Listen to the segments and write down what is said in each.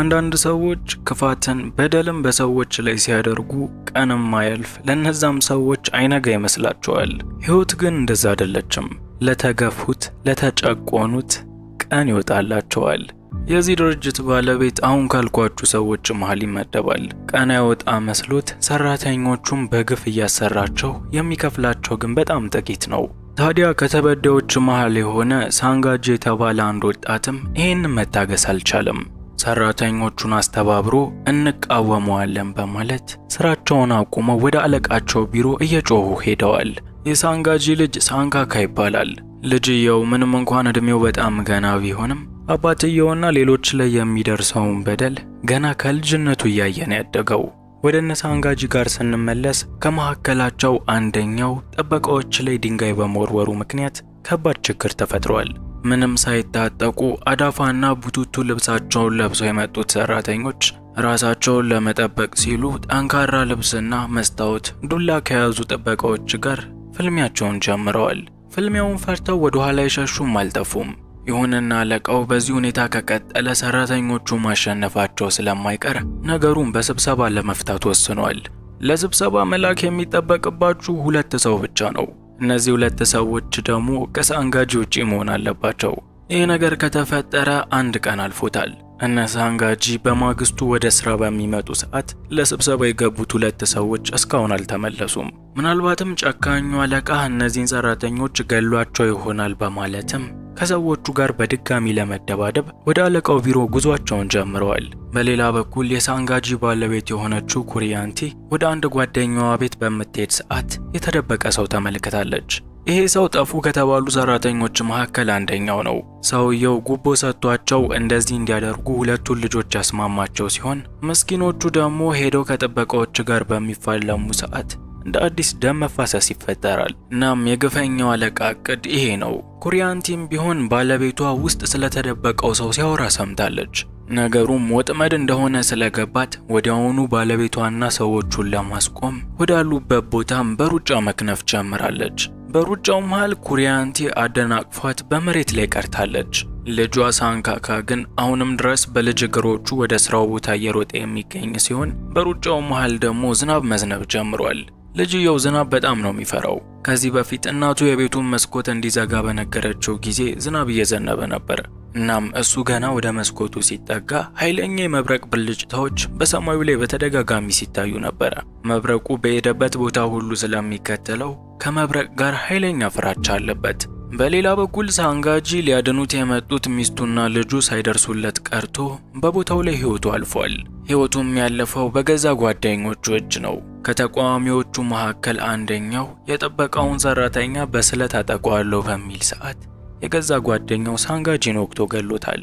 አንዳንድ ሰዎች ክፋትን በደልም በሰዎች ላይ ሲያደርጉ ቀንም ማያልፍ ለነዛም ሰዎች አይነጋ ይመስላቸዋል። ሕይወት ግን እንደዛ አይደለችም። ለተገፉት፣ ለተጨቆኑት ቀን ይወጣላቸዋል። የዚህ ድርጅት ባለቤት አሁን ካልኳችሁ ሰዎች መሃል ይመደባል። ቀና የወጣ መስሎት ሰራተኞቹን በግፍ እያሰራቸው የሚከፍላቸው ግን በጣም ጥቂት ነው። ታዲያ ከተበዳዮች መሃል የሆነ ሳንጋጅ የተባለ አንድ ወጣትም ይህን መታገስ አልቻለም። ሰራተኞቹን አስተባብሮ እንቃወመዋለን በማለት ስራቸውን አቁመው ወደ አለቃቸው ቢሮ እየጮሁ ሄደዋል። የሳንጋጂ ልጅ ሳንጋካ ይባላል። ልጅየው ምንም እንኳን እድሜው በጣም ገና ቢሆንም አባትየውና ሌሎች ላይ የሚደርሰውን በደል ገና ከልጅነቱ እያየን ያደገው። ወደ እነ ሳንጋጂ ጋር ስንመለስ ከመካከላቸው አንደኛው ጥበቃዎች ላይ ድንጋይ በመወርወሩ ምክንያት ከባድ ችግር ተፈጥሯል። ምንም ሳይታጠቁ አዳፋና ቡቱቱ ልብሳቸውን ለብሰው የመጡት ሰራተኞች ራሳቸውን ለመጠበቅ ሲሉ ጠንካራ ልብስና መስታወት ዱላ ከያዙ ጥበቃዎች ጋር ፍልሚያቸውን ጀምረዋል። ፍልሚያውን ፈርተው ወደ ኋላ የሸሹም አልጠፉም። ይሁንና አለቃው በዚህ ሁኔታ ከቀጠለ ሰራተኞቹ ማሸነፋቸው ስለማይቀር ነገሩን በስብሰባ ለመፍታት ወስኗል። ለስብሰባ መላክ የሚጠበቅባችሁ ሁለት ሰው ብቻ ነው። እነዚህ ሁለት ሰዎች ደግሞ ከሳንጋጂ ውጪ መሆን አለባቸው። ይህ ነገር ከተፈጠረ አንድ ቀን አልፎታል። እነ ሳንጋጂ በማግስቱ ወደ ስራ በሚመጡ ሰዓት ለስብሰባ የገቡት ሁለት ሰዎች እስካሁን አልተመለሱም። ምናልባትም ጨካኙ አለቃ እነዚህን ሰራተኞች ገሏቸው ይሆናል በማለትም ከሰዎቹ ጋር በድጋሚ ለመደባደብ ወደ አለቃው ቢሮ ጉዟቸውን ጀምረዋል። በሌላ በኩል የሳንጋጂ ባለቤት የሆነችው ኩሪያንቲ ወደ አንድ ጓደኛዋ ቤት በምትሄድ ሰዓት የተደበቀ ሰው ተመልክታለች። ይሄ ሰው ጠፉ ከተባሉ ሰራተኞች መካከል አንደኛው ነው። ሰውየው ጉቦ ሰጥቷቸው እንደዚህ እንዲያደርጉ ሁለቱን ልጆች ያስማማቸው ሲሆን ምስኪኖቹ ደግሞ ሄደው ከጥበቃዎች ጋር በሚፋለሙ ሰዓት እንደ አዲስ ደም መፋሰስ ይፈጠራል። እናም የግፈኛው አለቃ እቅድ ይሄ ነው። ኩሪያንቲም ቢሆን ባለቤቷ ውስጥ ስለተደበቀው ሰው ሲያወራ ሰምታለች። ነገሩም ወጥመድ እንደሆነ ስለገባት ወዲያውኑ ባለቤቷና ሰዎቹን ለማስቆም ወዳሉበት ቦታም በሩጫ መክነፍ ጀምራለች። በሩጫው መሃል ኩሪያንቲ አደናቅፏት በመሬት ላይ ቀርታለች። ልጇ ሳንካካ ግን አሁንም ድረስ በልጅ እግሮቹ ወደ ስራው ቦታ እየሮጠ የሚገኝ ሲሆን በሩጫው መሃል ደግሞ ዝናብ መዝነብ ጀምሯል። ልጅየው ዝናብ በጣም ነው የሚፈራው። ከዚህ በፊት እናቱ የቤቱን መስኮት እንዲዘጋ በነገረችው ጊዜ ዝናብ እየዘነበ ነበር። እናም እሱ ገና ወደ መስኮቱ ሲጠጋ ኃይለኛ የመብረቅ ብልጭታዎች በሰማዩ ላይ በተደጋጋሚ ሲታዩ ነበረ። መብረቁ በሄደበት ቦታ ሁሉ ስለሚከተለው ከመብረቅ ጋር ኃይለኛ ፍራቻ አለበት። በሌላ በኩል ሳንጋጂ ሊያድኑት የመጡት ሚስቱና ልጁ ሳይደርሱለት ቀርቶ በቦታው ላይ ሕይወቱ አልፏል። ህይወቱም ያለፈው በገዛ ጓደኞቹ እጅ ነው። ከተቃዋሚዎቹ መካከል አንደኛው የጠበቃውን ሰራተኛ በስለት አጠቋለሁ በሚል ሰዓት የገዛ ጓደኛው ሳንጋጂን ወቅቶ ገሎታል።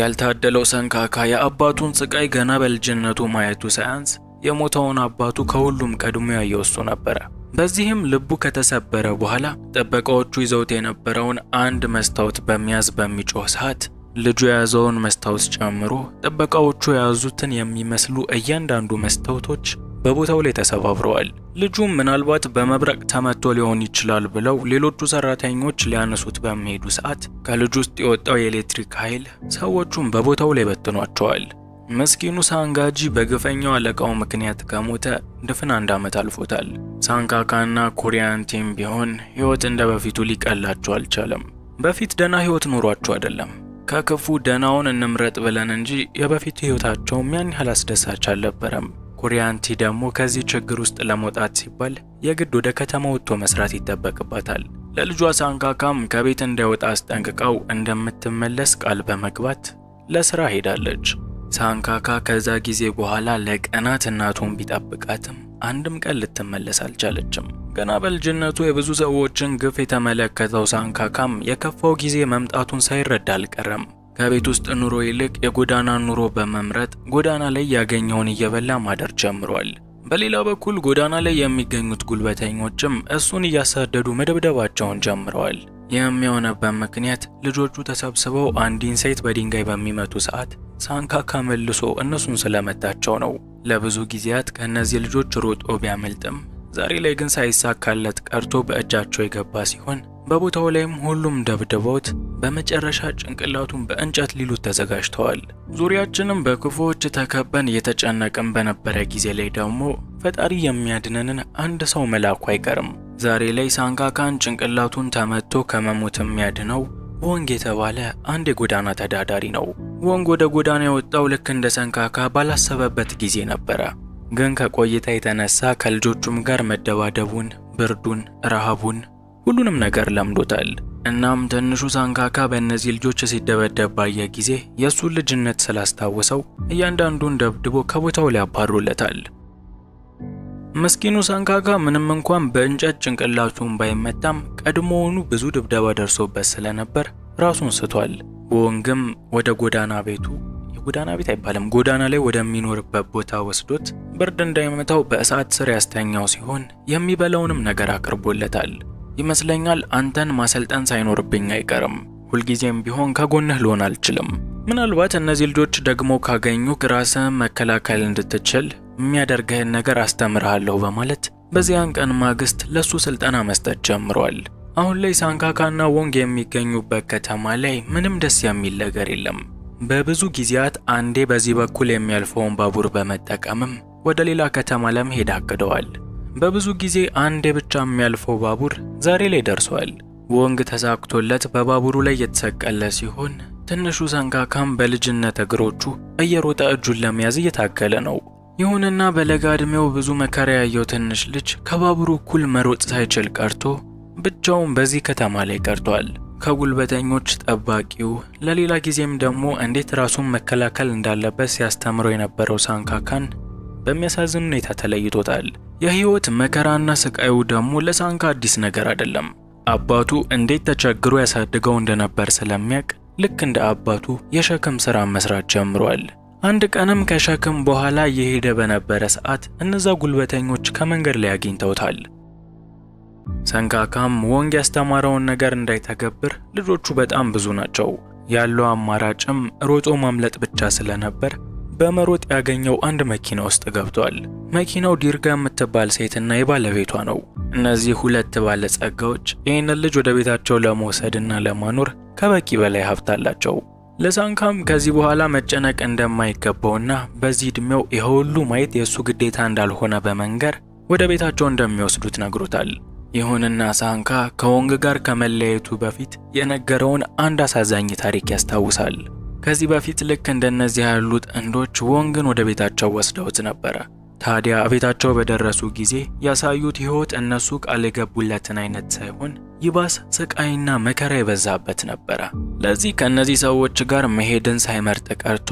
ያልታደለው ሰንካካ የአባቱን ስቃይ ገና በልጅነቱ ማየቱ ሳያንስ የሞተውን አባቱ ከሁሉም ቀድሞ ያየው እሱ ነበረ። በዚህም ልቡ ከተሰበረ በኋላ ጥበቃዎቹ ይዘውት የነበረውን አንድ መስታወት በሚያዝ በሚጮህ ሰዓት ልጁ የያዘውን መስታወት ጨምሮ ጥበቃዎቹ የያዙትን የሚመስሉ እያንዳንዱ መስታወቶች በቦታው ላይ ተሰባብረዋል። ልጁም ምናልባት በመብረቅ ተመቶ ሊሆን ይችላል ብለው ሌሎቹ ሰራተኞች ሊያነሱት በሚሄዱ ሰዓት ከልጁ ውስጥ የወጣው የኤሌክትሪክ ኃይል ሰዎቹን በቦታው ላይ በትኗቸዋል። ምስኪኑ ሳንጋጂ በግፈኛው አለቃው ምክንያት ከሞተ ድፍን አንድ ዓመት አልፎታል። ሳንካካና ኩሪያንቲም ቢሆን ሕይወት እንደ በፊቱ ሊቀላቸው አልቻለም። በፊት ደና ሕይወት ኑሯቸው አይደለም። ከክፉ ደናውን እንምረጥ ብለን እንጂ የበፊቱ ሕይወታቸውም ያን ያህል አስደሳች አልነበረም። ኩሪያንቲ ደግሞ ከዚህ ችግር ውስጥ ለመውጣት ሲባል የግድ ወደ ከተማ ወጥቶ መስራት ይጠበቅበታል። ለልጇ ሳንካካም ከቤት እንዳይወጣ አስጠንቅቀው እንደምትመለስ ቃል በመግባት ለስራ ሄዳለች። ሳንካካ ከዛ ጊዜ በኋላ ለቀናት እናቱን ቢጠብቃትም አንድም ቀን ልትመለስ አልቻለችም። ገና በልጅነቱ የብዙ ሰዎችን ግፍ የተመለከተው ሳንካካም የከፋው ጊዜ መምጣቱን ሳይረዳ አልቀረም። ከቤት ውስጥ ኑሮ ይልቅ የጎዳና ኑሮ በመምረጥ ጎዳና ላይ ያገኘውን እየበላ ማደር ጀምሯል። በሌላ በኩል ጎዳና ላይ የሚገኙት ጉልበተኞችም እሱን እያሳደዱ መደብደባቸውን ጀምረዋል። የሚሆነበት ምክንያት ልጆቹ ተሰብስበው አንዲን ሴት በድንጋይ በሚመቱ ሰዓት ሳንካካ መልሶ እነሱን ስለመታቸው ነው። ለብዙ ጊዜያት ከእነዚህ ልጆች ሮጦ ቢያመልጥም ዛሬ ላይ ግን ሳይሳካለት ቀርቶ በእጃቸው የገባ ሲሆን በቦታው ላይም ሁሉም ደብድበውት በመጨረሻ ጭንቅላቱን በእንጨት ሊሉት ተዘጋጅተዋል። ዙሪያችንም በክፉዎች ተከበን እየተጨነቅን በነበረ ጊዜ ላይ ደግሞ ፈጣሪ የሚያድነንን አንድ ሰው መላኩ አይቀርም። ዛሬ ላይ ሳንካካን ጭንቅላቱን ተመቶ ከመሞት የሚያድነው ወንግ የተባለ አንድ የጎዳና ተዳዳሪ ነው። ወንግ ወደ ጎዳና የወጣው ልክ እንደ ሰንካካ ባላሰበበት ጊዜ ነበረ። ግን ከቆይታ የተነሳ ከልጆቹም ጋር መደባደቡን፣ ብርዱን፣ ረሃቡን ሁሉንም ነገር ለምዶታል። እናም ትንሹ ሳንካካ በእነዚህ ልጆች ሲደበደብ ባየ ጊዜ የእሱን ልጅነት ስላስታወሰው እያንዳንዱን ደብድቦ ከቦታው ላይ ምስኪኑ ሳንካካ ምንም እንኳን በእንጨት ጭንቅላቱን ባይመታም ቀድሞውኑ ብዙ ድብደባ ደርሶበት ስለነበር ራሱን ስቷል። ቦንግም ወደ ጎዳና ቤቱ የጎዳና ቤት አይባልም፣ ጎዳና ላይ ወደሚኖርበት ቦታ ወስዶት ብርድ እንዳይመታው በእሳት ስር ያስተኛው ሲሆን የሚበላውንም ነገር አቅርቦለታል። ይመስለኛል አንተን ማሰልጠን ሳይኖርብኝ አይቀርም፣ ሁልጊዜም ቢሆን ከጎንህ ልሆን አልችልም። ምናልባት እነዚህ ልጆች ደግሞ ካገኙ ራስህን መከላከል እንድትችል የሚያደርግህን ነገር አስተምርሃለሁ በማለት በዚያን ቀን ማግስት ለሱ ስልጠና መስጠት ጀምሯል። አሁን ላይ ሳንካካና ወንግ የሚገኙበት ከተማ ላይ ምንም ደስ የሚል ነገር የለም። በብዙ ጊዜያት አንዴ በዚህ በኩል የሚያልፈውን ባቡር በመጠቀምም ወደ ሌላ ከተማ ለመሄድ አቅደዋል። በብዙ ጊዜ አንዴ ብቻ የሚያልፈው ባቡር ዛሬ ላይ ደርሷል። ወንግ ተሳክቶለት በባቡሩ ላይ የተሰቀለ ሲሆን ትንሹ ሰንካካም በልጅነት እግሮቹ እየሮጠ እጁን ለመያዝ እየታገለ ነው። ይሁንና በለጋ ዕድሜው ብዙ መከራ ያየው ትንሽ ልጅ ከባቡሩ እኩል መሮጥ ሳይችል ቀርቶ ብቻውን በዚህ ከተማ ላይ ቀርቷል። ከጉልበተኞች ጠባቂው፣ ለሌላ ጊዜም ደግሞ እንዴት ራሱን መከላከል እንዳለበት ሲያስተምረው የነበረው ሳንካካን በሚያሳዝን ሁኔታ ተለይቶታል። የህይወት መከራና ስቃዩ ደግሞ ለሳንካ አዲስ ነገር አይደለም። አባቱ እንዴት ተቸግሮ ያሳድገው እንደነበር ስለሚያውቅ ልክ እንደ አባቱ የሸክም ሥራ መስራት ጀምሯል። አንድ ቀንም ከሸክም በኋላ እየሄደ በነበረ ሰዓት እነዛ ጉልበተኞች ከመንገድ ላይ አግኝተውታል። ሰንካካም ወንግ ያስተማረውን ነገር እንዳይተገብር ልጆቹ በጣም ብዙ ናቸው። ያለው አማራጭም ሮጦ ማምለጥ ብቻ ስለነበር በመሮጥ ያገኘው አንድ መኪና ውስጥ ገብቷል። መኪናው ዲርጋ የምትባል ሴትና የባለቤቷ ነው። እነዚህ ሁለት ባለጸጋዎች ይህንን ልጅ ወደ ቤታቸው ለመውሰድና ለማኖር ከበቂ በላይ ሀብት አላቸው። ለሳንካም ከዚህ በኋላ መጨነቅ እንደማይገባውና በዚህ እድሜው ይህ ሁሉ ማየት የእሱ ግዴታ እንዳልሆነ በመንገር ወደ ቤታቸው እንደሚወስዱት ነግሮታል። ይሁንና ሳንካ ከወንግ ጋር ከመለያየቱ በፊት የነገረውን አንድ አሳዛኝ ታሪክ ያስታውሳል። ከዚህ በፊት ልክ እንደነዚህ ያሉ ጥንዶች ወንግን ወደ ቤታቸው ወስደውት ነበረ። ታዲያ ቤታቸው በደረሱ ጊዜ ያሳዩት ሕይወት እነሱ ቃል የገቡለትን አይነት ሳይሆን ይባስ ስቃይና መከራ የበዛበት ነበረ። ለዚህ ከእነዚህ ሰዎች ጋር መሄድን ሳይመርጥ ቀርቶ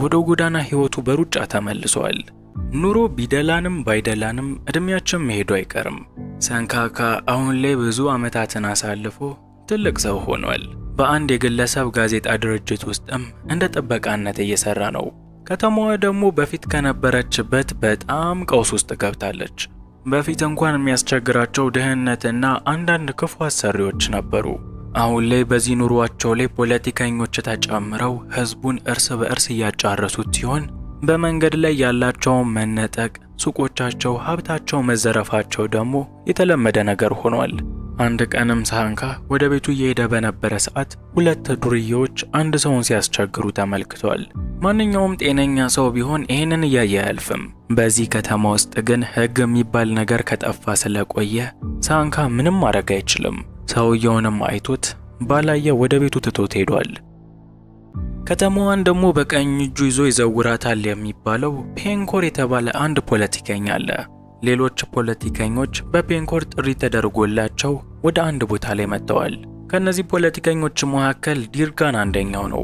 ወደ ጎዳና ሕይወቱ በሩጫ ተመልሷል። ኑሮ ቢደላንም ባይደላንም እድሜያችን መሄዱ አይቀርም። ሰንካካ አሁን ላይ ብዙ ዓመታትን አሳልፎ ትልቅ ሰው ሆኗል። በአንድ የግለሰብ ጋዜጣ ድርጅት ውስጥም እንደ ጥበቃነት እየሰራ ነው። ከተማዋ ደግሞ በፊት ከነበረችበት በጣም ቀውስ ውስጥ ገብታለች። በፊት እንኳን የሚያስቸግራቸው ድህነትና አንዳንድ ክፉ አሰሪዎች ነበሩ። አሁን ላይ በዚህ ኑሯቸው ላይ ፖለቲከኞች ተጨምረው ህዝቡን እርስ በእርስ እያጫረሱት ሲሆን በመንገድ ላይ ያላቸውን መነጠቅ፣ ሱቆቻቸው፣ ሀብታቸው መዘረፋቸው ደግሞ የተለመደ ነገር ሆኗል። አንድ ቀንም ሳንካ ወደ ቤቱ እየሄደ በነበረ ሰዓት ሁለት ዱርዬዎች አንድ ሰውን ሲያስቸግሩ ተመልክቷል። ማንኛውም ጤነኛ ሰው ቢሆን ይህንን እያየ አያልፍም። በዚህ ከተማ ውስጥ ግን ሕግ የሚባል ነገር ከጠፋ ስለቆየ ሳንካ ምንም ማድረግ አይችልም። ሰውየውንም አይቶት ባላየ ወደ ቤቱ ትቶት ሄዷል። ከተማዋን ደግሞ በቀኝ እጁ ይዞ ይዘውራታል የሚባለው ፔንኮር የተባለ አንድ ፖለቲከኛ አለ። ሌሎች ፖለቲከኞች በፔንኮር ጥሪ ተደርጎላቸው ወደ አንድ ቦታ ላይ መጥተዋል። ከነዚህ ፖለቲከኞች መካከል ዲርጋን አንደኛው ነው።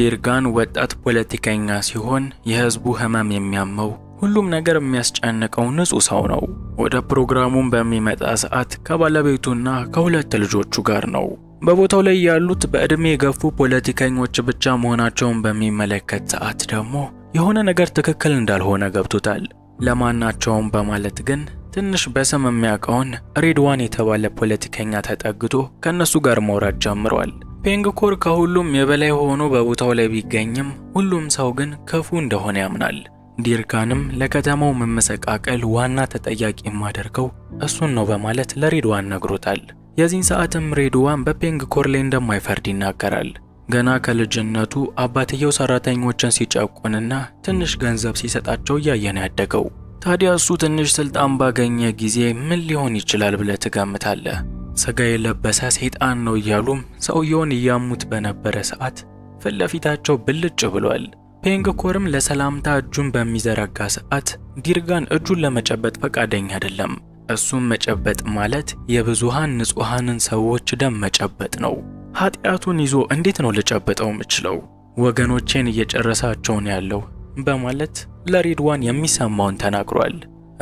ዲርጋን ወጣት ፖለቲከኛ ሲሆን የህዝቡ ህመም የሚያመው ሁሉም ነገር የሚያስጨንቀው ንጹህ ሰው ነው። ወደ ፕሮግራሙን በሚመጣ ሰዓት ከባለቤቱና ከሁለት ልጆቹ ጋር ነው። በቦታው ላይ ያሉት በዕድሜ የገፉ ፖለቲከኞች ብቻ መሆናቸውን በሚመለከት ሰዓት ደግሞ የሆነ ነገር ትክክል እንዳልሆነ ገብቶታል። ለማናቸውም በማለት ግን ትንሽ በስም የሚያውቀውን ሬድዋን የተባለ ፖለቲከኛ ተጠግቶ ከእነሱ ጋር መውራት ጀምሯል። ፔንግኮር ከሁሉም የበላይ ሆኖ በቦታው ላይ ቢገኝም ሁሉም ሰው ግን ክፉ እንደሆነ ያምናል። ዲርካንም ለከተማው መመሰቃቀል ዋና ተጠያቂ የማደርገው እሱን ነው በማለት ለሬድዋን ነግሮታል። የዚህን ሰዓትም ሬድዋን በፔንግኮር ላይ እንደማይፈርድ ይናገራል። ገና ከልጅነቱ አባትየው ሰራተኞችን ሲጨቁንና ትንሽ ገንዘብ ሲሰጣቸው እያየን ያደገው ታዲያ እሱ ትንሽ ስልጣን ባገኘ ጊዜ ምን ሊሆን ይችላል ብለህ ትገምታለህ? ስጋ የለበሰ ሰይጣን ነው እያሉም ሰውየውን እያሙት በነበረ ሰዓት ፊት ለፊታቸው ብልጭ ብሏል። ፔንግኮርም ለሰላምታ እጁን በሚዘረጋ ሰዓት ዲርጋን እጁን ለመጨበጥ ፈቃደኛ አይደለም። እሱም መጨበጥ ማለት የብዙሃን ንጹሐንን ሰዎች ደም መጨበጥ ነው። ኃጢአቱን ይዞ እንዴት ነው ልጨበጠው የምችለው? ወገኖቼን እየጨረሳቸውን ያለው በማለት ለሬድዋን የሚሰማውን ተናግሯል።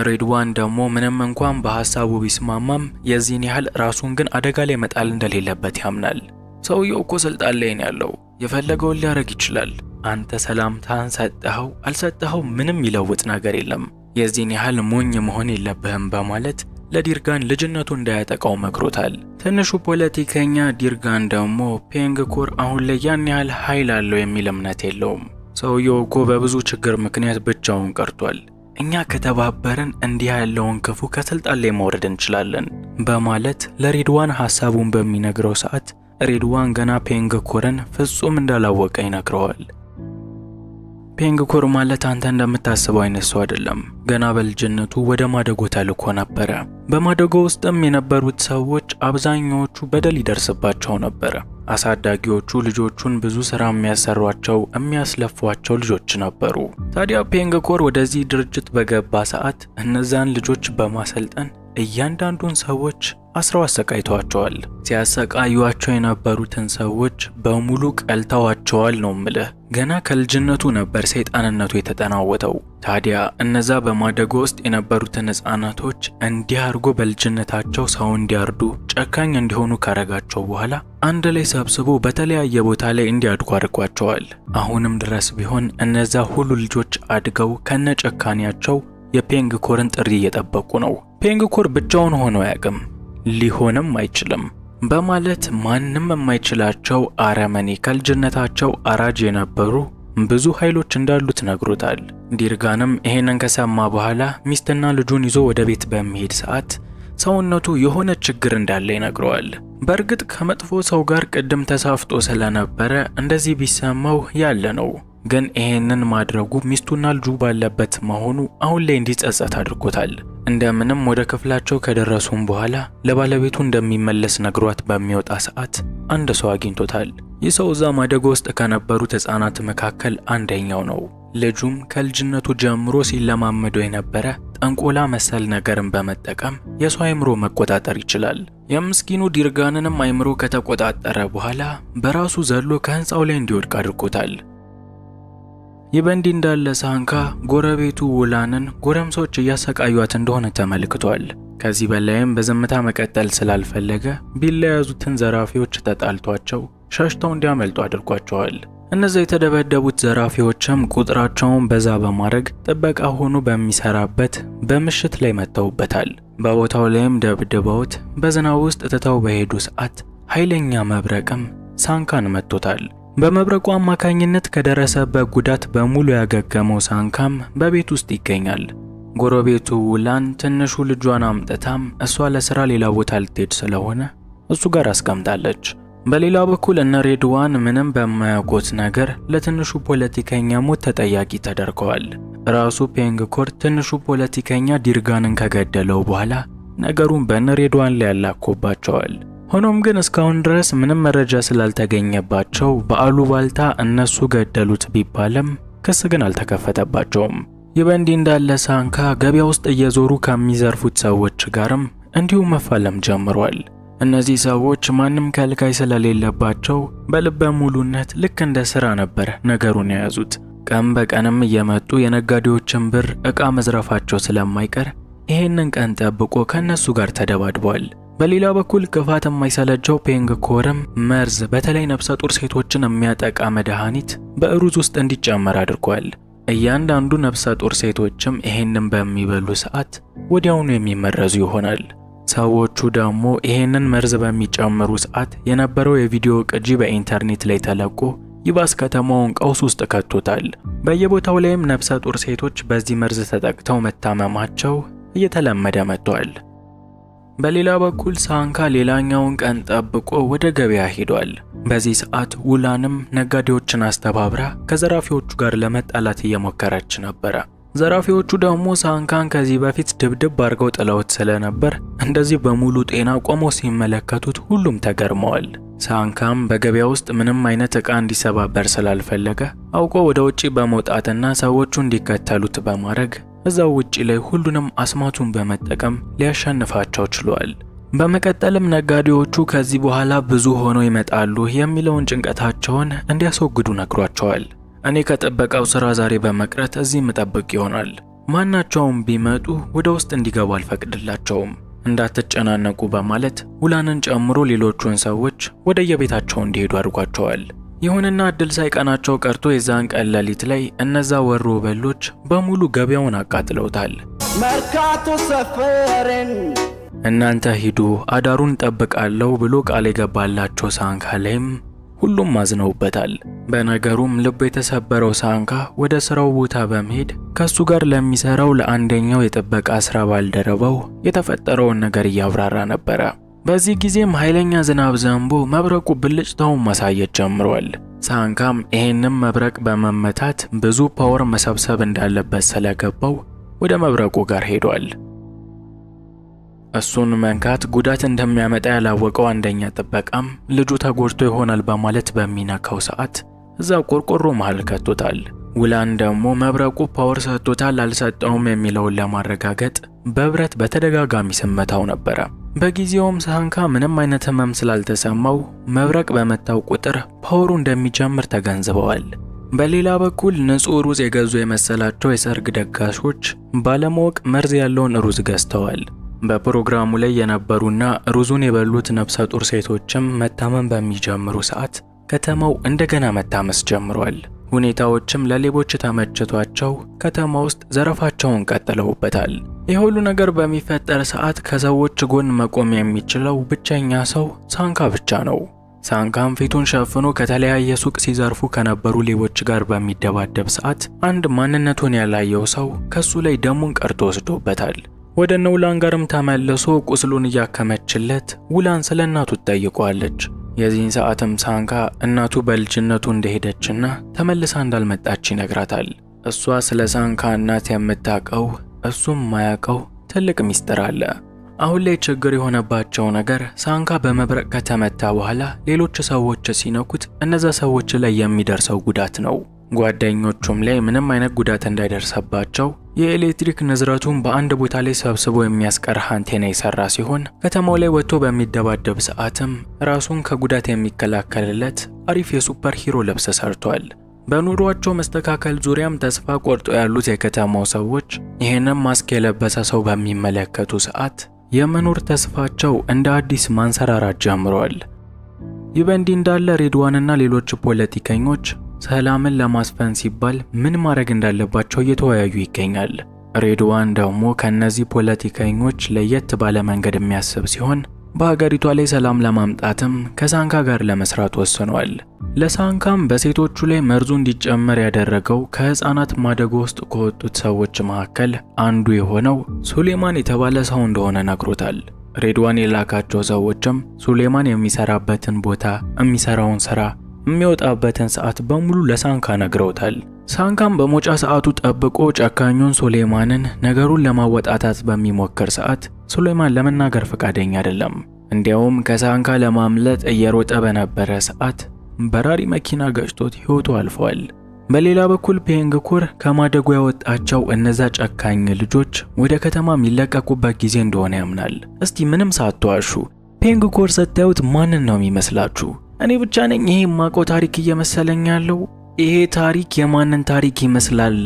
ሬድዋን ደግሞ ምንም እንኳን በሀሳቡ ቢስማማም የዚህን ያህል ራሱን ግን አደጋ ላይ መጣል እንደሌለበት ያምናል። ሰውየው እኮ ስልጣን ላይ ነው ያለው፣ የፈለገውን ሊያደርግ ይችላል። አንተ ሰላምታን ሰጠኸው አልሰጠኸው ምንም ይለውጥ ነገር የለም። የዚህን ያህል ሞኝ መሆን የለብህም በማለት ለዲርጋን ልጅነቱ እንዳያጠቃው መክሮታል። ትንሹ ፖለቲከኛ ዲርጋን ደግሞ ፔንግኮር አሁን ላይ ያን ያህል ኃይል አለው የሚል እምነት የለውም። ሰውየው እኮ በብዙ ችግር ምክንያት ብቻውን ቀርቷል። እኛ ከተባበርን እንዲህ ያለውን ክፉ ከስልጣን ላይ ማውረድ እንችላለን በማለት ለሬድዋን ሐሳቡን በሚነግረው ሰዓት ሬድዋን ገና ፔንግ ፍጹም እንዳላወቀ ይነግረዋል። ፔንግ ኮር ማለት አንተ እንደምታስበው አይነት ሰው አይደለም። ገና በልጅነቱ ወደ ማደጎ ተልኮ ነበረ። በማደጎ ውስጥም የነበሩት ሰዎች አብዛኛዎቹ በደል ይደርስባቸው ነበረ። አሳዳጊዎቹ ልጆቹን ብዙ ስራ የሚያሰሯቸው የሚያስለፏቸው ልጆች ነበሩ። ታዲያ ፔንግኮር ወደዚህ ድርጅት በገባ ሰዓት እነዛን ልጆች በማሰልጠን እያንዳንዱን ሰዎች አስረው አሰቃይተዋቸዋል። ሲያሰቃዩቸው የነበሩትን ሰዎች በሙሉ ቀልተዋቸዋል ነው ምልህ። ገና ከልጅነቱ ነበር ሰይጣንነቱ የተጠናወተው። ታዲያ እነዛ በማደጎ ውስጥ የነበሩትን ህፃናቶች እንዲህ አድርጎ በልጅነታቸው ሰው እንዲያርዱ ጨካኝ እንዲሆኑ ካረጋቸው በኋላ አንድ ላይ ሰብስቦ በተለያየ ቦታ ላይ እንዲያድጉ አድርጓቸዋል። አሁንም ድረስ ቢሆን እነዛ ሁሉ ልጆች አድገው ከነጨካኔያቸው የፔንግ ኮርን ጥሪ እየጠበቁ ነው። ፔንግ ኮር ብቻውን ሆኖ አያውቅም። ሊሆንም አይችልም በማለት ማንም የማይችላቸው አረመኔ ከልጅነታቸው አራጅ የነበሩ ብዙ ኃይሎች እንዳሉት ነግሮታል። ዲርጋንም ይሄንን ከሰማ በኋላ ሚስትና ልጁን ይዞ ወደ ቤት በሚሄድ ሰዓት ሰውነቱ የሆነ ችግር እንዳለ ይነግረዋል። በእርግጥ ከመጥፎ ሰው ጋር ቅድም ተሳፍጦ ስለነበረ እንደዚህ ቢሰማው ያለ ነው። ግን ይሄንን ማድረጉ ሚስቱና ልጁ ባለበት መሆኑ አሁን ላይ እንዲጸጸት አድርጎታል። እንደምንም ወደ ክፍላቸው ከደረሱም በኋላ ለባለቤቱ እንደሚመለስ ነግሯት በሚወጣ ሰዓት አንድ ሰው አግኝቶታል። ይህ ሰው እዛ ማደጎ ውስጥ ከነበሩት ሕፃናት መካከል አንደኛው ነው። ልጁም ከልጅነቱ ጀምሮ ሲለማመደው የነበረ ጠንቆላ መሰል ነገርን በመጠቀም የሰው አእምሮ መቆጣጠር ይችላል። የምስኪኑ ዲርጋንንም አይምሮ ከተቆጣጠረ በኋላ በራሱ ዘሎ ከህንፃው ላይ እንዲወድቅ አድርጎታል። ይህ በእንዲህ እንዳለ ሳንካ ጎረቤቱ ውላንን ጎረምሶች እያሰቃዩት እንደሆነ ተመልክቷል። ከዚህ በላይም በዝምታ መቀጠል ስላልፈለገ ቢላ የያዙትን ዘራፊዎች ተጣልቷቸው ሸሽተው እንዲያመልጡ አድርጓቸዋል። እነዚያ የተደበደቡት ዘራፊዎችም ቁጥራቸውን በዛ በማድረግ ጥበቃ ሆኖ በሚሰራበት በምሽት ላይ መጥተውበታል። በቦታው ላይም ደብድበውት በዝናብ ውስጥ ትተው በሄዱ ሰዓት ኃይለኛ መብረቅም ሳንካን መጥቶታል። በመብረቁ አማካኝነት ከደረሰበት ጉዳት በሙሉ ያገገመው ሳንካም በቤት ውስጥ ይገኛል። ጎረቤቱ ውላን ትንሹ ልጇን አምጥታም እሷ ለስራ ሌላ ቦታ ልትሄድ ስለሆነ እሱ ጋር አስቀምጣለች። በሌላ በኩል እነ ሬድዋን ምንም በማያውቁት ነገር ለትንሹ ፖለቲከኛ ሞት ተጠያቂ ተደርገዋል። ራሱ ፔንግኮር ትንሹ ፖለቲከኛ ዲርጋንን ከገደለው በኋላ ነገሩን በእነ ሬድዋን ላይ ያላኮባቸዋል። ሆኖም ግን እስካሁን ድረስ ምንም መረጃ ስላልተገኘባቸው በአሉባልታ እነሱ ገደሉት ቢባልም ክስ ግን አልተከፈተባቸውም። ይህ በእንዲህ እንዳለ ሳንካ ገበያ ውስጥ እየዞሩ ከሚዘርፉት ሰዎች ጋርም እንዲሁ መፋለም ጀምሯል። እነዚህ ሰዎች ማንም ከልካይ ስለሌለባቸው በልበ ሙሉነት ልክ እንደ ስራ ነበር ነገሩን የያዙት። ቀን በቀንም እየመጡ የነጋዴዎችን ብር ዕቃ መዝረፋቸው ስለማይቀር ይሄንን ቀን ጠብቆ ከእነሱ ጋር ተደባድቧል። በሌላ በኩል ክፋት የማይሰለቸው ፔንግ ኮርም መርዝ በተለይ ነፍሰ ጡር ሴቶችን የሚያጠቃ መድኃኒት በሩዝ ውስጥ እንዲጨመር አድርጓል። እያንዳንዱ ነፍሰ ጡር ሴቶችም ይሄንን በሚበሉ ሰዓት ወዲያውኑ የሚመረዙ ይሆናል። ሰዎቹ ደግሞ ይሄንን መርዝ በሚጨምሩ ሰዓት የነበረው የቪዲዮ ቅጂ በኢንተርኔት ላይ ተለቆ ይባስ ከተማውን ቀውስ ውስጥ ከቶታል። በየቦታው ላይም ነፍሰ ጡር ሴቶች በዚህ መርዝ ተጠቅተው መታመማቸው እየተለመደ መጥቷል። በሌላ በኩል ሳንካ ሌላኛውን ቀን ጠብቆ ወደ ገበያ ሄዷል። በዚህ ሰዓት ውላንም ነጋዴዎችን አስተባብራ ከዘራፊዎቹ ጋር ለመጣላት እየሞከረች ነበረ። ዘራፊዎቹ ደግሞ ሳንካን ከዚህ በፊት ድብድብ አድርገው ጥለውት ስለነበር እንደዚህ በሙሉ ጤና ቆመው ሲመለከቱት ሁሉም ተገርመዋል። ሳንካም በገበያ ውስጥ ምንም አይነት ዕቃ እንዲሰባበር ስላልፈለገ አውቆ ወደ ውጪ በመውጣትና ሰዎቹ እንዲከተሉት በማድረግ እዛው ውጪ ላይ ሁሉንም አስማቱን በመጠቀም ሊያሸንፋቸው ችሏል። በመቀጠልም ነጋዴዎቹ ከዚህ በኋላ ብዙ ሆነው ይመጣሉ የሚለውን ጭንቀታቸውን እንዲያስወግዱ ነግሯቸዋል። እኔ ከጥበቃው ስራ ዛሬ በመቅረት እዚህ ምጠብቅ ይሆናል። ማናቸውም ቢመጡ ወደ ውስጥ እንዲገቡ አልፈቅድላቸውም፣ እንዳትጨናነቁ በማለት ውላንን ጨምሮ ሌሎቹን ሰዎች ወደየቤታቸው እንዲሄዱ አድርጓቸዋል። ይሁንና እድል ሳይቀናቸው ቀርቶ የዛን ቀን ሌሊት ላይ እነዛ ወሮ በሎች በሙሉ ገበያውን አቃጥለውታል። መርካቶ ሰፈርን እናንተ ሂዱ አዳሩን ጠብቃለሁ ብሎ ቃል የገባላቸው ሳንካ ላይም ሁሉም አዝነውበታል። በነገሩም ልብ የተሰበረው ሳንካ ወደ ስራው ቦታ በመሄድ ከሱ ጋር ለሚሰራው ለአንደኛው የጥበቃ ስራ ባልደረባው የተፈጠረውን ነገር እያብራራ ነበረ። በዚህ ጊዜም ኃይለኛ ዝናብ ዘንቦ መብረቁ ብልጭታውን ማሳየት ጀምሯል። ሳንካም ይህንም መብረቅ በመመታት ብዙ ፓወር መሰብሰብ እንዳለበት ስለገባው ወደ መብረቁ ጋር ሄዷል። እሱን መንካት ጉዳት እንደሚያመጣ ያላወቀው አንደኛ ጥበቃም ልጁ ተጎድቶ ይሆናል በማለት በሚነካው ሰዓት እዛ ቆርቆሮ መሃል ከቶታል። ውላን ደግሞ መብረቁ ፓወር ሰጥቶታል አልሰጠውም የሚለውን ለማረጋገጥ በብረት በተደጋጋሚ ስመታው ነበረ። በጊዜውም ሳንካ ምንም አይነት ህመም ስላልተሰማው መብረቅ በመታው ቁጥር ፓወሩ እንደሚጀምር ተገንዝበዋል። በሌላ በኩል ንጹህ ሩዝ የገዙ የመሰላቸው የሰርግ ደጋሾች ባለማወቅ መርዝ ያለውን ሩዝ ገዝተዋል። በፕሮግራሙ ላይ የነበሩና ሩዙን የበሉት ነፍሰ ጡር ሴቶችም መታመም በሚጀምሩ ሰዓት ከተማው እንደገና መታመስ ጀምሯል። ሁኔታዎችም ለሌቦች ተመችቷቸው ከተማ ውስጥ ዘረፋቸውን ቀጥለውበታል። ይህ ሁሉ ነገር በሚፈጠር ሰዓት ከሰዎች ጎን መቆም የሚችለው ብቸኛ ሰው ሳንካ ብቻ ነው። ሳንካም ፊቱን ሸፍኖ ከተለያየ ሱቅ ሲዘርፉ ከነበሩ ሌቦች ጋር በሚደባደብ ሰዓት አንድ ማንነቱን ያላየው ሰው ከሱ ላይ ደሙን ቀርቶ ወስዶበታል። ወደ እነ ውላን ጋርም ተመልሶ ቁስሉን እያከመችለት ውላን ስለ እናቱ ትጠይቋለች። የዚህን ሰዓትም ሳንካ እናቱ በልጅነቱ እንደሄደችና ተመልሳ እንዳልመጣች ይነግራታል። እሷ ስለ ሳንካ እናት የምታውቀው እሱም ማያውቀው ትልቅ ሚስጥር አለ። አሁን ላይ ችግር የሆነባቸው ነገር ሳንካ በመብረቅ ከተመታ በኋላ ሌሎች ሰዎች ሲነኩት እነዛ ሰዎች ላይ የሚደርሰው ጉዳት ነው። ጓደኞቹም ላይ ምንም አይነት ጉዳት እንዳይደርሰባቸው የኤሌክትሪክ ንዝረቱን በአንድ ቦታ ላይ ሰብስቦ የሚያስቀር አንቴና የሰራ ሲሆን ከተማው ላይ ወጥቶ በሚደባደብ ሰዓትም ራሱን ከጉዳት የሚከላከልለት አሪፍ የሱፐር ሂሮ ልብስ ሰርቷል። በኑሯቸው መስተካከል ዙሪያም ተስፋ ቆርጦ ያሉት የከተማው ሰዎች ይህንም ማስክ የለበሰ ሰው በሚመለከቱ ሰዓት የመኖር ተስፋቸው እንደ አዲስ ማንሰራራት ጀምሯል። ይህ በእንዲህ እንዳለ ሬድዋንና ሌሎች ፖለቲከኞች ሰላምን ለማስፈን ሲባል ምን ማድረግ እንዳለባቸው እየተወያዩ ይገኛል። ሬድዋን ደግሞ ከእነዚህ ፖለቲከኞች ለየት ባለ መንገድ የሚያስብ ሲሆን በሀገሪቷ ላይ ሰላም ለማምጣትም ከሳንካ ጋር ለመስራት ወስኗል። ለሳንካም በሴቶቹ ላይ መርዙ እንዲጨመር ያደረገው ከህፃናት ማደጎ ውስጥ ከወጡት ሰዎች መካከል አንዱ የሆነው ሱሌማን የተባለ ሰው እንደሆነ ነግሮታል። ሬድዋን የላካቸው ሰዎችም ሱሌማን የሚሰራበትን ቦታ፣ የሚሰራውን ስራ የሚወጣበትን ሰዓት በሙሉ ለሳንካ ነግረውታል። ሳንካም በሞጫ ሰዓቱ ጠብቆ ጨካኙን ሱሌማንን ነገሩን ለማወጣታት በሚሞክር ሰዓት ሱሌማን ለመናገር ፈቃደኛ አይደለም። እንዲያውም ከሳንካ ለማምለጥ እየሮጠ በነበረ ሰዓት በራሪ መኪና ገጭቶት ሕይወቱ አልፏል። በሌላ በኩል ፔንግኩር ከማደጉ ያወጣቸው እነዛ ጨካኝ ልጆች ወደ ከተማ የሚለቀቁበት ጊዜ እንደሆነ ያምናል። እስቲ ምንም ሳትዋሹ ፔንግኩር ስታዩት ማንን ነው የሚመስላችሁ? እኔ ብቻ ነኝ ይሄ የማውቀው ታሪክ እየመሰለኝ ያለው። ይሄ ታሪክ የማንን ታሪክ ይመስላል?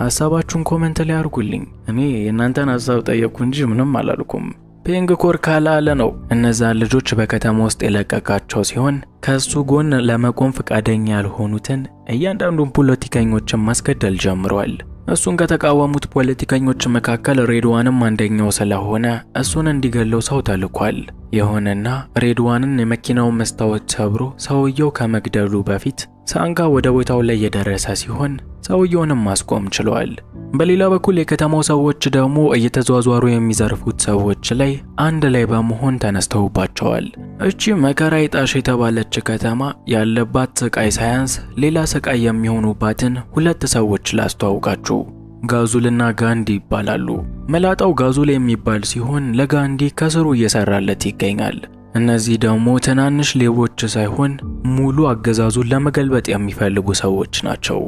ሀሳባችሁን ኮመንት ላይ አድርጉልኝ። እኔ የእናንተን ሀሳብ ጠየቅኩ እንጂ ምንም አላልኩም። ፔንግ ኮር ካላለ ነው እነዛን ልጆች በከተማ ውስጥ የለቀቃቸው ሲሆን ከሱ ጎን ለመቆም ፈቃደኛ ያልሆኑትን እያንዳንዱን ፖለቲከኞችን ማስገደል ጀምሯል። እሱን ከተቃወሙት ፖለቲከኞች መካከል ሬድዋንም አንደኛው ስለሆነ እሱን እንዲገለው ሰው ተልኳል። ይሁንና ሬድዋንን የመኪናውን መስታወት ሰብሮ ሰውየው ከመግደሉ በፊት ሳንጋ ወደ ቦታው ላይ የደረሰ ሲሆን ሰውየውንም ማስቆም ችሏል። በሌላ በኩል የከተማው ሰዎች ደግሞ እየተዟዟሩ የሚዘርፉት ሰዎች ላይ አንድ ላይ በመሆን ተነስተውባቸዋል። እቺ መከራ ይጣሽ የተባለች ከተማ ያለባት ስቃይ ሳያንስ ሌላ ስቃይ የሚሆኑባትን ሁለት ሰዎች ላስተዋውቃችሁ። ጋዙልና ጋንዲ ይባላሉ። መላጣው ጋዙል የሚባል ሲሆን ለጋንዲ ከስሩ እየሰራለት ይገኛል። እነዚህ ደግሞ ትናንሽ ሌቦች ሳይሆን ሙሉ አገዛዙን ለመገልበጥ የሚፈልጉ ሰዎች ናቸው።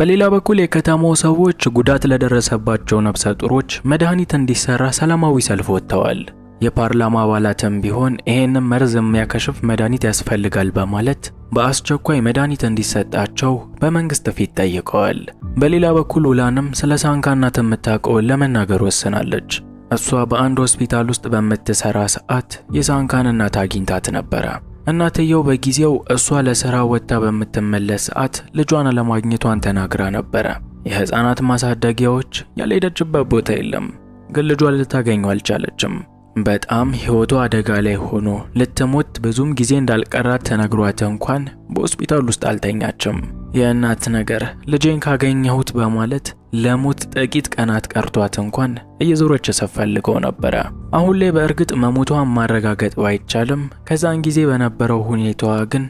በሌላ በኩል የከተማው ሰዎች ጉዳት ለደረሰባቸው ነፍሰ ጡሮች መድኃኒት እንዲሰራ ሰላማዊ ሰልፍ ወጥተዋል። የፓርላማ አባላትም ቢሆን ይህንም መርዝ የሚያከሽፍ መድኃኒት ያስፈልጋል በማለት በአስቸኳይ መድኃኒት እንዲሰጣቸው በመንግስት ፊት ጠይቀዋል። በሌላ በኩል ውላንም ስለ ሳንካ እናት የምታውቀውን ለመናገር ወስናለች። እሷ በአንድ ሆስፒታል ውስጥ በምትሰራ ሰዓት የሳንካን እናት አግኝታት ነበረ። እናትየው በጊዜው እሷ ለስራ ወጥታ በምትመለስ ሰዓት ልጇን አለማግኘቷን ተናግራ ነበረ። የህፃናት ማሳደጊያዎች ያልሄደችበት ቦታ የለም፣ ግን ልጇን ልታገኙ አልቻለችም። በጣም ህይወቷ አደጋ ላይ ሆኖ ልትሞት ብዙም ጊዜ እንዳልቀራት ተነግሯት እንኳን በሆስፒታል ውስጥ አልተኛችም። የእናት ነገር ልጄን ካገኘሁት በማለት ለሞት ጥቂት ቀናት ቀርቷት እንኳን እየዞረች ስትፈልገው ነበረ። አሁን ላይ በእርግጥ መሞቷን ማረጋገጥ ባይቻልም ከዛን ጊዜ በነበረው ሁኔታዋ ግን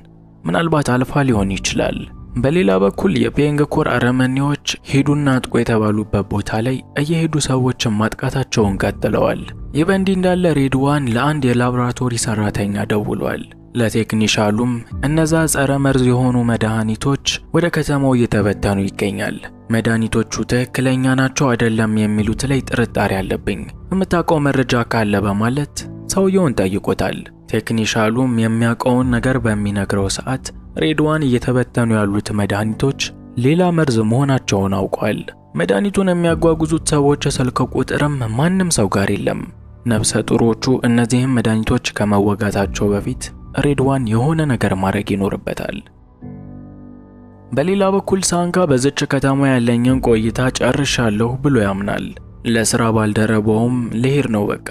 ምናልባት አልፋ ሊሆን ይችላል። በሌላ በኩል የፔንግ ኮር አረመኔዎች ሂዱና አጥቆ የተባሉበት ቦታ ላይ እየሄዱ ሰዎችን ማጥቃታቸውን ቀጥለዋል። ይህ በእንዲህ እንዳለ ሬድዋን ለአንድ የላብራቶሪ ሰራተኛ ደውሏል። ለቴክኒሻሉም እነዛ ጸረ መርዝ የሆኑ መድኃኒቶች ወደ ከተማው እየተበተኑ ይገኛል። መድኃኒቶቹ ትክክለኛ ናቸው አይደለም የሚሉት ላይ ጥርጣሬ አለብኝ፣ የምታውቀው መረጃ ካለ በማለት ሰውየውን ጠይቆታል። ቴክኒሻሉም የሚያውቀውን ነገር በሚነግረው ሰዓት ሬድዋን እየተበተኑ ያሉት መድኃኒቶች ሌላ መርዝ መሆናቸውን አውቋል። መድኃኒቱን የሚያጓጉዙት ሰዎች የስልክ ቁጥርም ማንም ሰው ጋር የለም። ነፍሰ ጡሮቹ እነዚህም መድኃኒቶች ከመወጋታቸው በፊት ሬድዋን የሆነ ነገር ማድረግ ይኖርበታል። በሌላ በኩል ሳንካ በዝች ከተማ ያለኝን ቆይታ ጨርሻለሁ ብሎ ያምናል። ለስራ ባልደረባውም ልሄድ ነው በቃ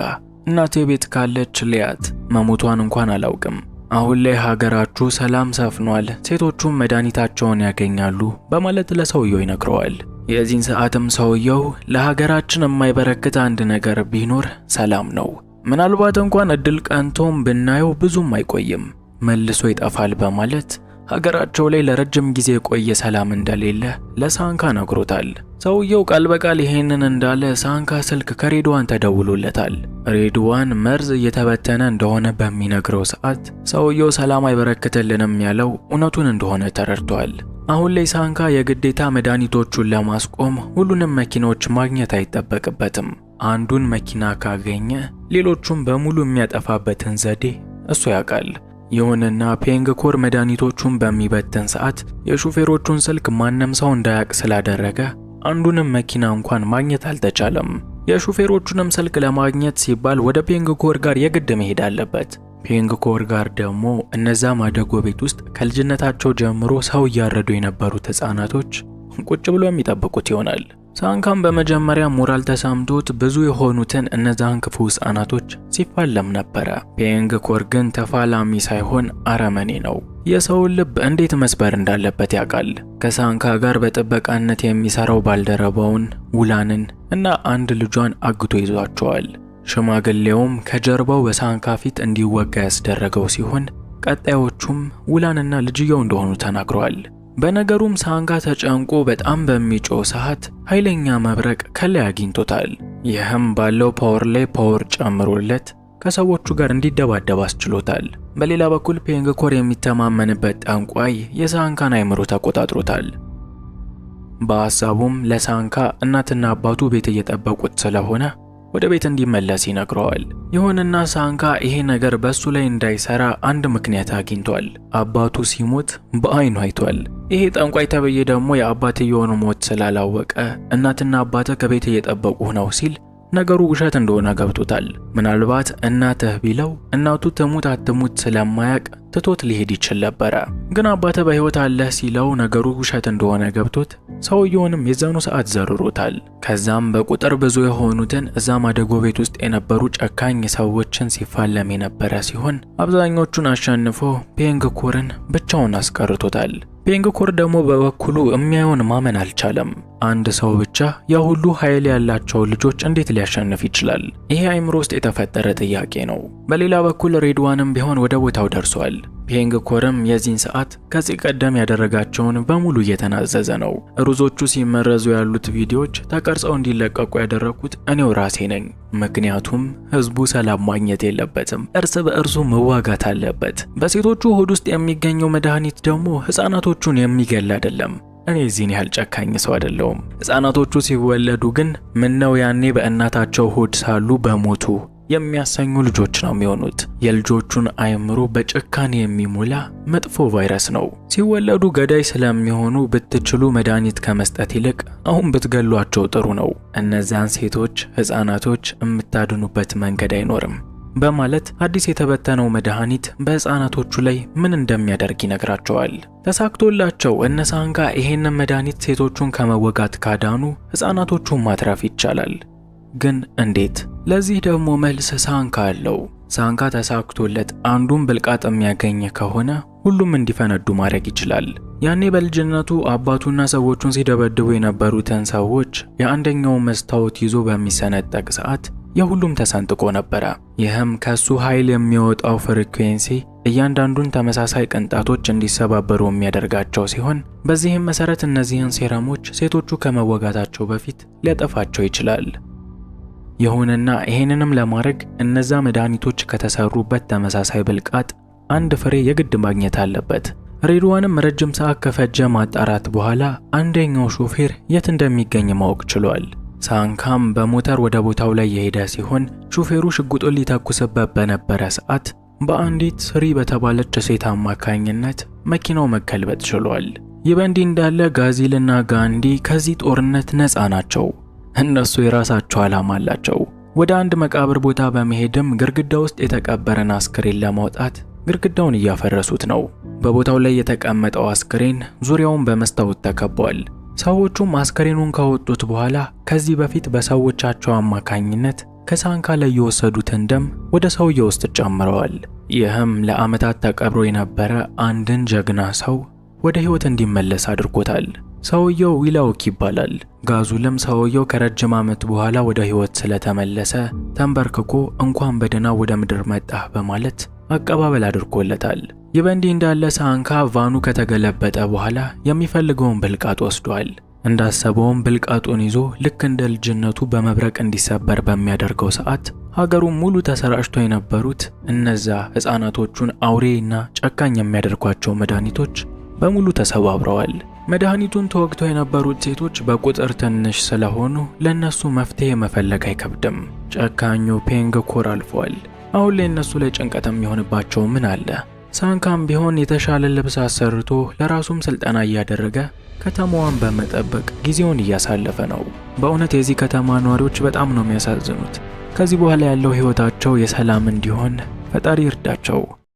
እናቴ ቤት ካለች ልያት መሞቷን እንኳን አላውቅም። አሁን ላይ ሀገራችሁ ሰላም ሰፍኗል፣ ሴቶቹም መድኃኒታቸውን ያገኛሉ በማለት ለሰውየው ይነግረዋል። የዚህን ሰዓትም ሰውየው ለሀገራችን የማይበረክት አንድ ነገር ቢኖር ሰላም ነው ምናልባት እንኳን እድል ቀንቶም ብናየው ብዙም አይቆይም መልሶ ይጠፋል በማለት ሀገራቸው ላይ ለረጅም ጊዜ የቆየ ሰላም እንደሌለ ለሳንካ ነግሮታል። ሰውየው ቃል በቃል ይሄንን እንዳለ ሳንካ ስልክ ከሬድዋን ተደውሎለታል። ሬድዋን መርዝ እየተበተነ እንደሆነ በሚነግረው ሰዓት ሰውየው ሰላም አይበረክትልንም ያለው እውነቱን እንደሆነ ተረድቷል። አሁን ላይ ሳንካ የግዴታ መድኃኒቶቹን ለማስቆም ሁሉንም መኪኖች ማግኘት አይጠበቅበትም። አንዱን መኪና ካገኘ ሌሎቹም በሙሉ የሚያጠፋበትን ዘዴ እሱ ያውቃል። ይሁንና ፔንግኮር መድኃኒቶቹን በሚበትን ሰዓት የሹፌሮቹን ስልክ ማንም ሰው እንዳያውቅ ስላደረገ አንዱንም መኪና እንኳን ማግኘት አልተቻለም። የሹፌሮቹንም ስልክ ለማግኘት ሲባል ወደ ፔንግኮር ጋር የግድ መሄድ አለበት። ፔንግኮር ጋር ደግሞ እነዛ ማደጎ ቤት ውስጥ ከልጅነታቸው ጀምሮ ሰው እያረዱ የነበሩት ሕፃናቶች ቁጭ ብሎ የሚጠብቁት ይሆናል። ሳንካም በመጀመሪያ ሞራል ተሳምቶት ብዙ የሆኑትን እነዛን ክፉ ህጻናቶች ሲፋለም ነበረ። ፔንግ ኮር ግን ተፋላሚ ሳይሆን አረመኔ ነው። የሰውን ልብ እንዴት መስበር እንዳለበት ያውቃል። ከሳንካ ጋር በጥበቃነት የሚሰራው ባልደረባውን ውላንን እና አንድ ልጇን አግቶ ይዟቸዋል። ሽማግሌውም ከጀርባው በሳንካ ፊት እንዲወጋ ያስደረገው ሲሆን ቀጣዮቹም ውላንና ልጅየው እንደሆኑ ተናግረዋል። በነገሩም ሳንጋ ተጨንቆ በጣም በሚጮህ ሰዓት ኃይለኛ መብረቅ ከላይ አግኝቶታል። ይህም ባለው ፓወር ላይ ፓወር ጨምሮለት ከሰዎቹ ጋር እንዲደባደብ አስችሎታል። በሌላ በኩል ፔንግኮር የሚተማመንበት ጠንቋይ የሳንካን አይምሮ ተቆጣጥሮታል። በሐሳቡም ለሳንካ እናትና አባቱ ቤት እየጠበቁት ስለሆነ ወደ ቤት እንዲመለስ ይነግረዋል። ይሁንና ሳንካ ይሄ ነገር በእሱ ላይ እንዳይሰራ አንድ ምክንያት አግኝቷል። አባቱ ሲሞት በአይኑ አይቷል። ይሄ ጠንቋይ ተብዬ ደግሞ የአባትየውን ሞት ስላላወቀ እናትና አባተ ከቤት እየጠበቁ ነው ሲል ነገሩ ውሸት እንደሆነ ገብቶታል። ምናልባት እናትህ ቢለው እናቱ ትሙት አትሙት ስለማያቅ ትቶት ሊሄድ ይችል ነበረ። ግን አባትህ በሕይወት አለህ ሲለው ነገሩ ውሸት እንደሆነ ገብቶት ሰውየውንም የዛኑ ሰዓት ዘርሮታል። ከዛም በቁጥር ብዙ የሆኑትን እዛ ማደጎ ቤት ውስጥ የነበሩ ጨካኝ ሰዎችን ሲፋለም የነበረ ሲሆን አብዛኞቹን አሸንፎ ፔንግ ኩርን ብቻውን አስቀርቶታል። ቤንግኮር ደግሞ በበኩሉ የሚያየውን ማመን አልቻለም። አንድ ሰው ብቻ ያ ሁሉ ኃይል ያላቸውን ልጆች እንዴት ሊያሸንፍ ይችላል? ይሄ አይምሮ ውስጥ የተፈጠረ ጥያቄ ነው። በሌላ በኩል ሬድዋንም ቢሆን ወደ ቦታው ደርሷል። ፔንግ ኮረም የዚህን ሰዓት ከዚህ ቀደም ያደረጋቸውን በሙሉ እየተናዘዘ ነው። ሩዞቹ ሲመረዙ ያሉት ቪዲዮዎች ተቀርጸው እንዲለቀቁ ያደረኩት እኔው ራሴ ነኝ። ምክንያቱም ህዝቡ ሰላም ማግኘት የለበትም፣ እርስ በእርሱ መዋጋት አለበት። በሴቶቹ ሆድ ውስጥ የሚገኘው መድኃኒት ደግሞ ህፃናቶቹን የሚገል አይደለም። እኔ እዚህን ያህል ጨካኝ ሰው አይደለውም። ህፃናቶቹ ሲወለዱ ግን ምነው ያኔ በእናታቸው ሆድ ሳሉ በሞቱ የሚያሰኙ ልጆች ነው የሚሆኑት። የልጆቹን አእምሮ በጭካኔ የሚሞላ መጥፎ ቫይረስ ነው። ሲወለዱ ገዳይ ስለሚሆኑ ብትችሉ መድኃኒት ከመስጠት ይልቅ አሁን ብትገሏቸው ጥሩ ነው። እነዚያን ሴቶች፣ ሕፃናቶች የምታድኑበት መንገድ አይኖርም በማለት አዲስ የተበተነው መድኃኒት በህፃናቶቹ ላይ ምን እንደሚያደርግ ይነግራቸዋል። ተሳክቶላቸው እነ ሳንጋ ይሄንን መድኃኒት ሴቶቹን ከመወጋት ካዳኑ ህፃናቶቹን ማትረፍ ይቻላል። ግን እንዴት? ለዚህ ደግሞ መልስ ሳንካ አለው። ሳንካ ተሳክቶለት አንዱን ብልቃጥ የሚያገኝ ከሆነ ሁሉም እንዲፈነዱ ማድረግ ይችላል። ያኔ በልጅነቱ አባቱና ሰዎቹን ሲደበድቡ የነበሩትን ሰዎች የአንደኛውን መስታወት ይዞ በሚሰነጠቅ ሰዓት የሁሉም ተሰንጥቆ ነበረ። ይህም ከሱ ኃይል የሚወጣው ፍሪኩዌንሲ እያንዳንዱን ተመሳሳይ ቅንጣቶች እንዲሰባበሩ የሚያደርጋቸው ሲሆን በዚህም መሰረት እነዚህን ሴረሞች ሴቶቹ ከመወጋታቸው በፊት ሊያጠፋቸው ይችላል። ይሁንና ይሄንንም ለማድረግ እነዛ መድኃኒቶች ከተሰሩበት ተመሳሳይ ብልቃጥ አንድ ፍሬ የግድ ማግኘት አለበት። ሬድዋንም ረጅም ሰዓት ከፈጀ ማጣራት በኋላ አንደኛው ሾፌር የት እንደሚገኝ ማወቅ ችሏል። ሳንካም በሞተር ወደ ቦታው ላይ የሄደ ሲሆን ሾፌሩ ሽጉጡን ሊተኩስበት በነበረ ሰዓት በአንዲት ስሪ በተባለች ሴት አማካኝነት መኪናው መከልበጥ ችሏል። ይህ በእንዲህ እንዳለ ጋዚልና ጋንዲ ከዚህ ጦርነት ነፃ ናቸው። እነሱ የራሳቸው ዓላማ አላቸው። ወደ አንድ መቃብር ቦታ በመሄድም ግድግዳ ውስጥ የተቀበረን አስክሬን ለማውጣት ግድግዳውን እያፈረሱት ነው። በቦታው ላይ የተቀመጠው አስክሬን ዙሪያውን በመስታወት ተከቧል። ሰዎቹም አስክሬኑን ካወጡት በኋላ ከዚህ በፊት በሰዎቻቸው አማካኝነት ከሳንካ ላይ የወሰዱትን ደም ወደ ሰውየው ውስጥ ጨምረዋል። ይህም ለዓመታት ተቀብሮ የነበረ አንድን ጀግና ሰው ወደ ህይወት እንዲመለስ አድርጎታል። ሰውየው ዊላውክ ይባላል። ጋዙልም ሰውየው ከረጅም ዓመት በኋላ ወደ ህይወት ስለተመለሰ ተንበርክኮ እንኳን በደህና ወደ ምድር መጣህ በማለት አቀባበል አድርጎለታል። ይህ በእንዲህ እንዳለ ሳንካ ቫኑ ከተገለበጠ በኋላ የሚፈልገውን ብልቃጥ ወስዷል። እንዳሰበውም ብልቃጡን ይዞ ልክ እንደ ልጅነቱ በመብረቅ እንዲሰበር በሚያደርገው ሰዓት ሀገሩን ሙሉ ተሰራጭቶ የነበሩት እነዛ አውሬ አውሬና ጨካኝ የሚያደርጓቸው መድኃኒቶች በሙሉ ተሰባብረዋል። መድኃኒቱን ተወግተው የነበሩት ሴቶች በቁጥር ትንሽ ስለሆኑ ለእነሱ መፍትሄ መፈለግ አይከብድም። ጨካኙ ፔንግ ኮር አልፏል። አሁን ላይ እነሱ ላይ ጭንቀት የሚሆንባቸው ምን አለ? ሳንካም ቢሆን የተሻለ ልብስ አሰርቶ ለራሱም ስልጠና እያደረገ ከተማዋን በመጠበቅ ጊዜውን እያሳለፈ ነው። በእውነት የዚህ ከተማ ነዋሪዎች በጣም ነው የሚያሳዝኑት። ከዚህ በኋላ ያለው ሕይወታቸው የሰላም እንዲሆን ፈጣሪ ይርዳቸው።